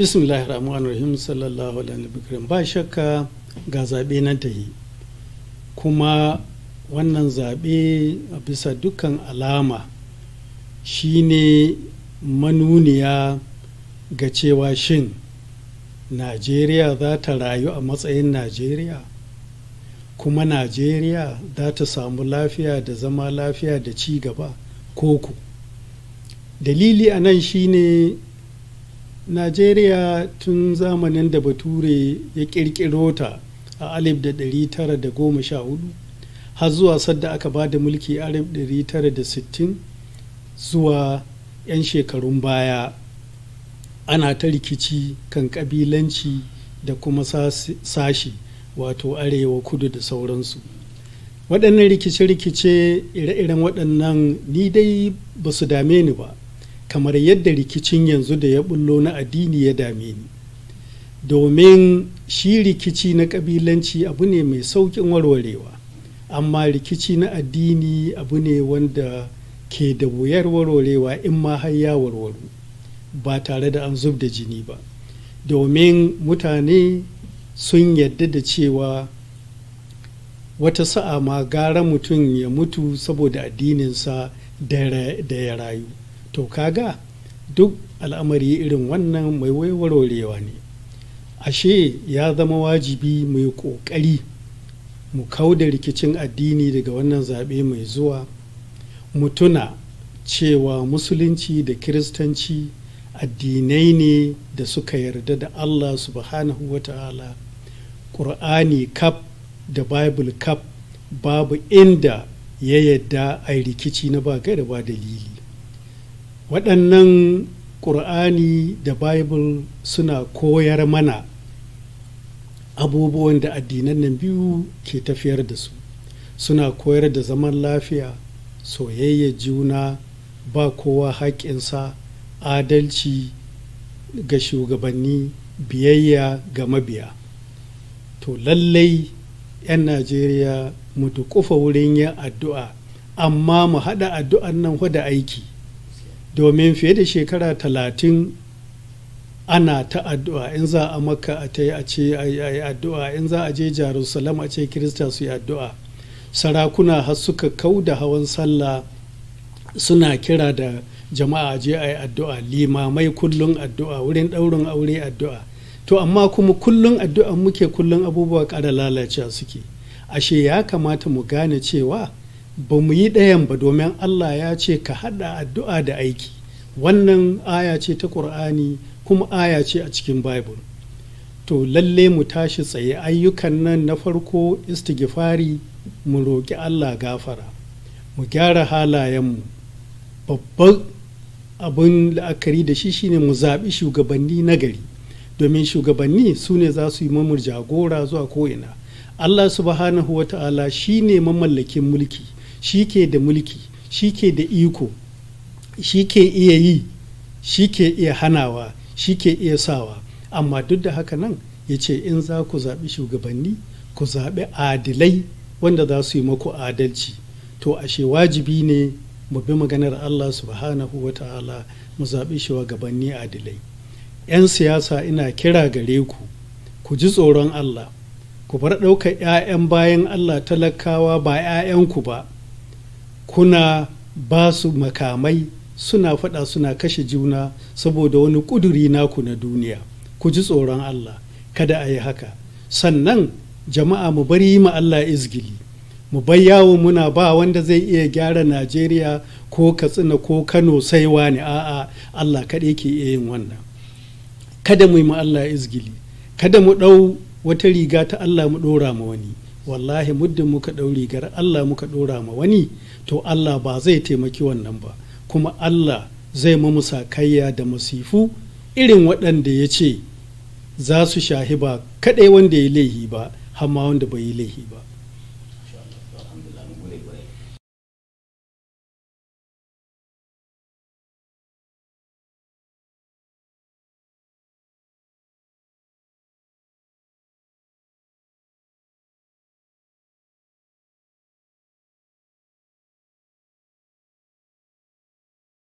bismillahir rahmanir rahim sallallahu alaihi ba shakka ga zaɓe na ta yi kuma wannan zaɓe a bisa dukkan alama shine manuniya ga cewa shin najeriya za ta rayu a matsayin najeriya kuma najeriya za ta samu lafiya da zama lafiya da ci gaba koko dalili a nan shine najeriya tun zamanin da bature ya kirkiro ta a 1914 har zuwa sadda aka ba da mulki 1960 zuwa 'yan shekarun baya ana ta rikici kan kabilanci da kuma sashi wato arewa kudu da sauransu waɗannan rikice-rikice ire-iren waɗannan ni dai ba su dame ni ba kamar yadda rikicin yanzu da ya bullo na addini ya dame ni domin shi rikici na kabilanci abu ne mai sauƙin warwarewa amma rikici na addini abu ne wanda ke da wuyar warwarewa in ma har ya warwaru ba tare da an zub da jini ba domin mutane sun yadda da cewa wata sa'a ma gara mutum ya mutu saboda addininsa da ya rayu to kaga duk al'amari irin wannan mai warwarewa ne ashe ya zama wajibi mai ƙoƙari mu kau da rikicin addini daga wannan zaɓe mai zuwa Mutuna, cewa musulunci da kiristanci addinai ne da suka yarda da allah subhanahu wa ta'ala ƙur'ani kaf da bible kaf babu inda ya yadda a rikici na ba da ba dalili waɗannan ƙur'ani da bible suna koyar mana abubuwan da addinan nan biyu ke tafiyar da su suna koyar da zaman lafiya soyayya juna ba kowa haƙƙinsa adalci ga shugabanni biyayya ga mabiya to lallai 'yan najeriya mu kufa wurin yin addu'a amma mu haɗa addu'an nan hwada aiki domin fiye da shekara talatin ana ta addu'a in za a makka a ta a ce a yi addu'a in za a je Jarusalam a ce kirista su yi addu'a sarakuna har suka kau da hawan sallah suna kira da jama'a a je a yi addu'a limamai kullum addu'a wurin ɗaurin aure addu'a to amma kuma kullum addu'a muke kullum abubuwa kara lalacewa suke ashe ya kamata mu gane cewa ba mu yi ɗayan ba domin Allah ya ce ka haɗa addu'a da aiki wannan aya ce ta ƙur'ani kuma aya ce a cikin bible to lalle mu tashi tsaye ayyukan nan na farko istighfari mu roƙi Allah gafara mu gyara halayenmu babban abin la'akari da shi shine mu zaɓi shugabanni nagari domin shugabanni su ne za su yi mamur jagora zuwa ko'ina Allah subhanahu wa ta'ala shi ne mamallakin mulki shi ke da mulki shi ke da iko shi ke iya yi shi ke iya hanawa shi ke iya sawa amma duk da haka nan ya ce in za ku zaɓi shugabanni ku zaɓi adilai wanda za su yi maku adalci to ashe wajibi ne mu bi maganar allah subhanahu wa ta'ala mu zaɓi shugabanni adilai 'yan siyasa ina kira gare ku ku ji tsoron allah ku bar ɗaukar 'ya'yan bayan allah talakawa ba 'ya'yanku ba kuna ba su makamai suna faɗa suna kashe juna saboda wani ƙuduri naku na duniya ku ji tsoron Allah kada a yi haka sannan jama'a mu bari ma Allah izgili mu bai yawo muna ba wanda zai iya gyara Najeriya ko Katsina ko Kano sai wani a'a Allah kaɗai ke iya yin wannan kada mu yi ma Allah izgili kada mu ɗau wata riga ta Allah mu ɗora ma wani wallahi muddin muka ɗau rigar Allah muka ɗora ma wani to Allah ba zai taimaki wannan ba kuma Allah zai mamu sakayya da masifu irin waɗanda ya ce za su shahi ba kaɗai wanda ya laihi ba hamma wanda bai yi laihi ba